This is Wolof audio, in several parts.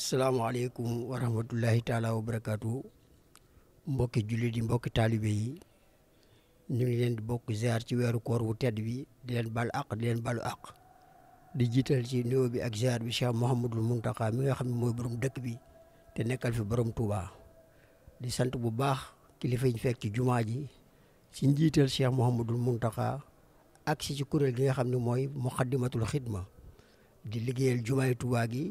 salaamaaleykum wa rahmatullahi taala wa barakaatu mbokki jullit yi mbokki taalibe yi ñu ngi leen di bokk ziar ci weeru koor wu tedd bi di leen bal àq di leen balu àq di jiital ci nuyoo bi ak ziar bi Cheikh Mouhamadul Mountakha mi nga xam ne mooy borom dëkk bi te nekkal fi borom Touba di sant bu baax kilifa yi ñu fekk ci jumaa ji ci njiital Cheikh Mouhamadul Mountakha ak si ci kuréel gi nga xam ne mooy muqaddimatul di liggéeyal jumaay Touba gi.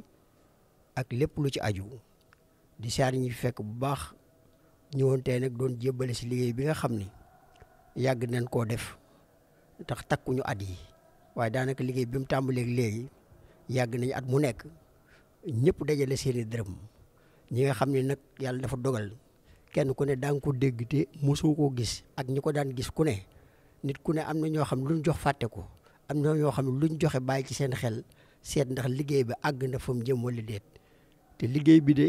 ak lépp lu ci aju di saar ñi fekk bu baax ñëwoon tey nag doon jébbale si liggéey bi nga xam ni yàgg nañ koo def tax takkuñu at yi waaye daanaka liggéey bi mu tàmbaleeg léegi yàgg nañu at mu nekk ñëpp dajale seeni dërëm ñi nga xam ne nag yàlla dafa dogal kenn ku ne daa ko dégg te mosoo koo gis ak ñi ko daan gis ku ne nit ku ne am na ñoo xam ne luñ jox fàtte ko am na ñoo xam ne luñ joxe bàyyi ci seen xel seet ndax liggéey bi àgg na fa mu jëm wala déet te liggéey bi de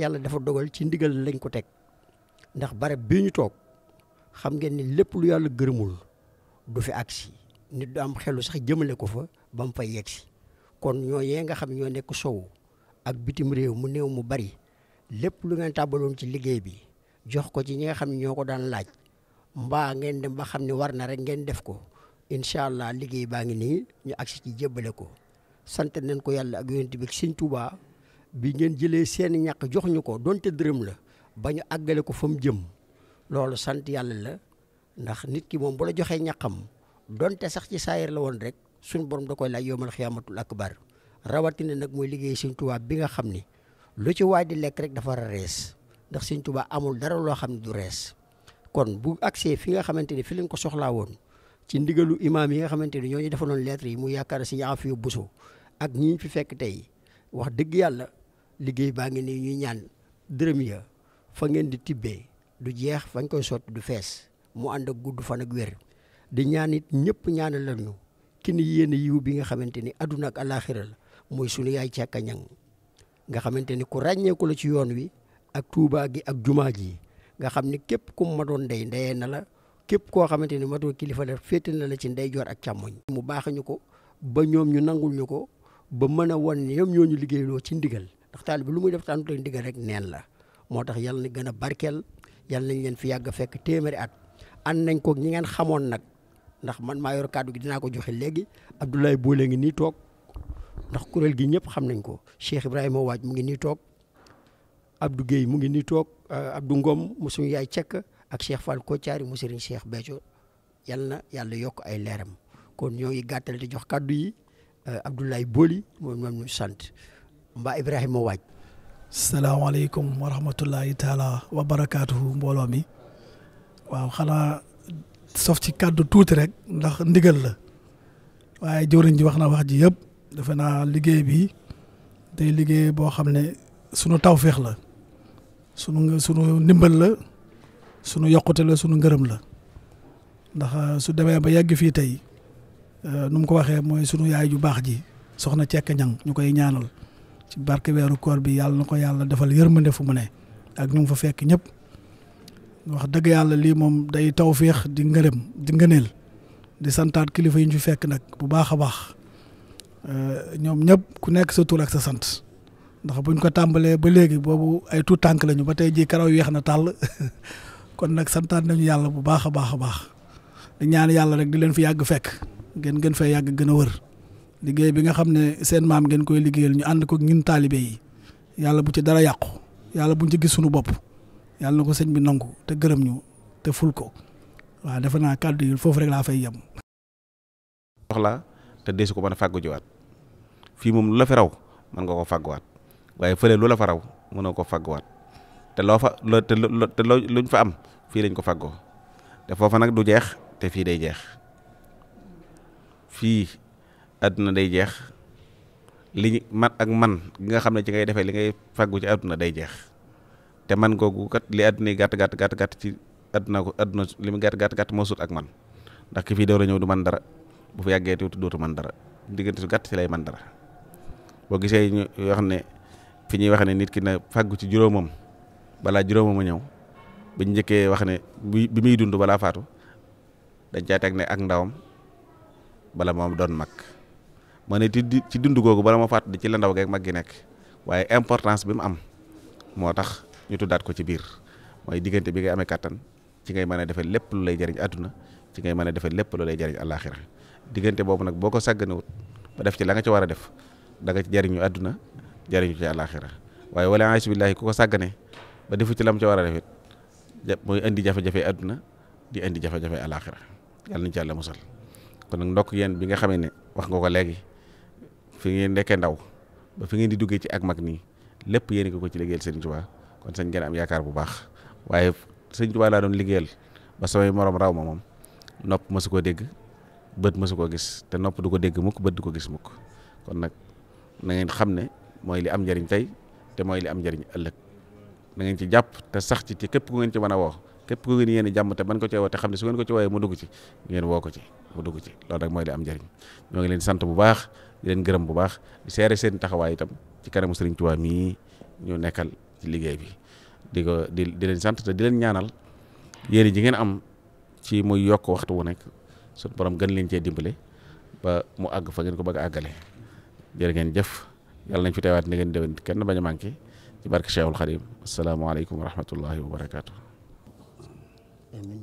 yàlla dafa dogal ci ndigal lañ ko teg ndax barab bii ñu toog xam ngeen ni lépp lu yàlla gërëmul du fi agsi nit du xelu sax jëmale ko fa ba mu fay yegsi kon ñoo yee nga xam ñoo nekk sow ak bitim réew mu néew mu bari lépp lu ngeen tàbbaloon ci liggéey bi jox ko ci ñi nga xam ne ñoo ko daan laaj mbaa ngeen dem ba xam ne war na rek ngeen def ko incha allah liggéey baa ngi nii ñu agsi ci jébbale ko sant nañ ko yàlla ak yonent bi Sëñ Tuubaa bi ngeen jëlee seen ñàkk jox ñu ko donte dërëm la ba ñu àggale ko fa mu jëm loolu sant yàlla la ndax nit ki moom bu la joxee ñàkkam donte sax ci saayir la woon rek suñu borom da koy laaj yowmal xiyaamatul akbar rawatina nag mooy liggéey Sëñ Tuubaa bi nga xam ni loo ci waay di lekk rek dafa war a rees ndax Sëñ Tuubaa amul dara loo xam ne du rees kon bu agsee fi nga xamante ni fi lañ ko soxlaa woon ci ndigalu imaam yi nga xamante ni ñoo ñu defaloon lettre yi mu yaakaar si ñaa fi yóbbu ak fi fekk tey liggéey baa ngi nii ñu ñaan dërëm ya fa ngeen di tibbee du jeex fañ koy sotti du fees mu ànd ak gudd fan ak wér di ñaan it ñëpp ñaanal lañu ki ni yéen yiw bi nga xamante ni àdduna ak alaaxira la mooy sunu yaay càkka ñang nga xamante ni ku ràññeeku la ci yoon wi ak tuubaa gi ak jumaa ji nga xam ni képp ku ma doon ndey ndeyee na la képp koo xamante ni ma doon kilifa la féete na la ci ndeyjoor ak càmmoñ mu baax ñu ko ba ñoom ñu nangul ñu ko ba mën a wan ñoom ñoo ñu liggéeyloo ci ndigal ndax taalibe lu mu def tànn leen diggal rek neen la moo tax yàlla na gën a barkeel yàlla nañ leen fi yàgg fekk téeméeri at ànd nañ ko ñi ngeen xamoon nag ndax man maa yor kàddu gi dinaa ko joxe léegi Abdoulaye Boulé ngi nii toog ndax kuréel gi ñëpp xam nañ ko Cheikh Ibrahima Waaj mu ngi nii toog Abdou Guèye mu ngi nii toog euh, Abdou Ngom mu suñu yaay cekk ak Cheikh ko Kotiari mu sëriñ Cheikh Béthio yal na yàlla yokk ay leeram kon ñoo ngi gàttal di jox kàddu yi euh, Abdoulaye Boli moom sant mbaa Ibrahima moo waaj. salaamaaleykum wa rahmatullahi taala wa barakaatuhu mbooloo mi waaw xanaa sof ci kàddu tuuti rek ndax ndigal la waaye jëwriñ ji wax na wax ji yépp defe naa liggéey bi tey liggéey boo xam ne sunu tawféex la sunu sunu ndimbal la sunu yokkute la sunu ngërëm la ndax ah, su demee ba yàgg fii tey ah, nu mu ko waxee mooy sunu yaay ju baax ji soxna Cekk Ñang ñu koy ñaanal. ci barke weeru koor bi yàlla na ko yàlla defal yërmande fu mu ne ak ñu ngi fa fekk ñëpp wax dëgg yàlla lii moom day taw tawféex di ngërëm di ngëneel di santaat kilifa yi ñu fi fekk nag bu baax a baax euh, ñoom ñëpp ku nekk sa tur ak sa sant ndax buñ ko tàmbalee ba léegi boobu ay tuut tànk lañu ba tey jii karaw weex na tàll kon nag santaat nañu yàlla bu baax a baax a baax di ñaan yàlla rek di leen fi yàgg fekk ngeen gën fee yàgg gën a wër. liggéey bi nga xam ne seen maam ngeen koy liggéeyal ñu ànd ko ñun taalibe yi yàlla bu ci dara yàqu yàlla buñ ci gis suñu bopp yàlla na ko sëñ bi nangu te gërëm ñu te ful ko naa kàddu foofu rek laa fay yem. te deesu ko mën a jiwaat fii moom lu raw mën nga ko fàgguwaat waaye fële lu la fa raw mënoo ko fàgguwaat te loo fa loo te loo luñ fa am fii lañ ko fàggoo te foofa nag du jeex te fii day jeex fii. àdduna day jeex li man ak man gi nga xam ne ci ngay defee li ngay fàggu ci àdduna day jeex te man googu kat li àdduna yi gàtt gàtt gàtt gàtt ci àdduna ko àdduna li mu gàtt gàtt gàtt moo sut ak man ndax ki fii door a ñëw du man dara bu fi yàggee tuuti dootu man dara diggante su gàtt ci lay man dara boo gisee ñu yoo xam ne fi ñuy wax ne nit ki na fàggu ci juróomam balaa juróomam a ñëw bu ñu njëkkee wax ne bi bi muy dund balaa faatu dañ caa teg ne ak ndawam bala moom doon mag ma ne ci ci dund googu bala ma di ci la ndaw geeg mag gi nekk waaye importance bi mu am moo tax ñu tuddaat ko ci biir mooy diggante bi nga amee kattan ci ngay mën a defee lépp lu lay jariñ àdduna ci ngay mën a defee lépp lu lay jëriñ àllaaxira diggante boobu nag boo ko sàgganewut ba def ci la nga ci war a def da nga ci jëriñu àdduna jëriñu ci àllaaxira waaye wala asbillahi ku ko sàggane ba defu ci lam ci war a defit mooy indi jafe-jafe àdduna di indi jafe àllaaxira yàlla nañ ci yàlla kon nag ndokk yéen bi nga xamee ne wax nga ko léegi fi ngeen nekkee ndaw ba fi ngeen di duggee ci ak mag nii lépp yéen ko ko ci liggéeyal Serigne Touba kon sañ gën a am yaakaar bu baax waaye Serigne Touba laa doon liggéeyal ba samay moroom raw ma moom nopp ma su koo dégg bët ma su koo gis te nopp du ko dégg mukk bët du ko gis mukk kon nag na ngeen xam ne mooy li am njariñ tey te mooy li am njariñ ëllëg na ngeen ci jàpp te sax ci te képp ku ngeen ci mën a woo képp ko ngeen yéen i jàmm te ban ko ci woo te xam ne su ngeen ko ci wooyee mu dugg ci ngeen woo ko ci mu dugg ci loolu rek mooy li am njëriñ di leen gërëm bu baax di seere seen taxawaay itam ci kanamu Serigne Touba mii ñu nekkal ci liggéey bi di ko di di leen sant te di leen ñaanal yére ji ngeen am ci muy yokk waxtu wu nekk suñu boroom gën leen cee dimbale ba mu àgg fa ngeen ko bëgg a àggale jërë ngeen jëf yàlla nañ fi teewaat ne ngeen déwén kenn bañ a manqué ci barke Cheikhul Khadim asalaamaaleykum wa rahmatullahi wa barakaatu. amiin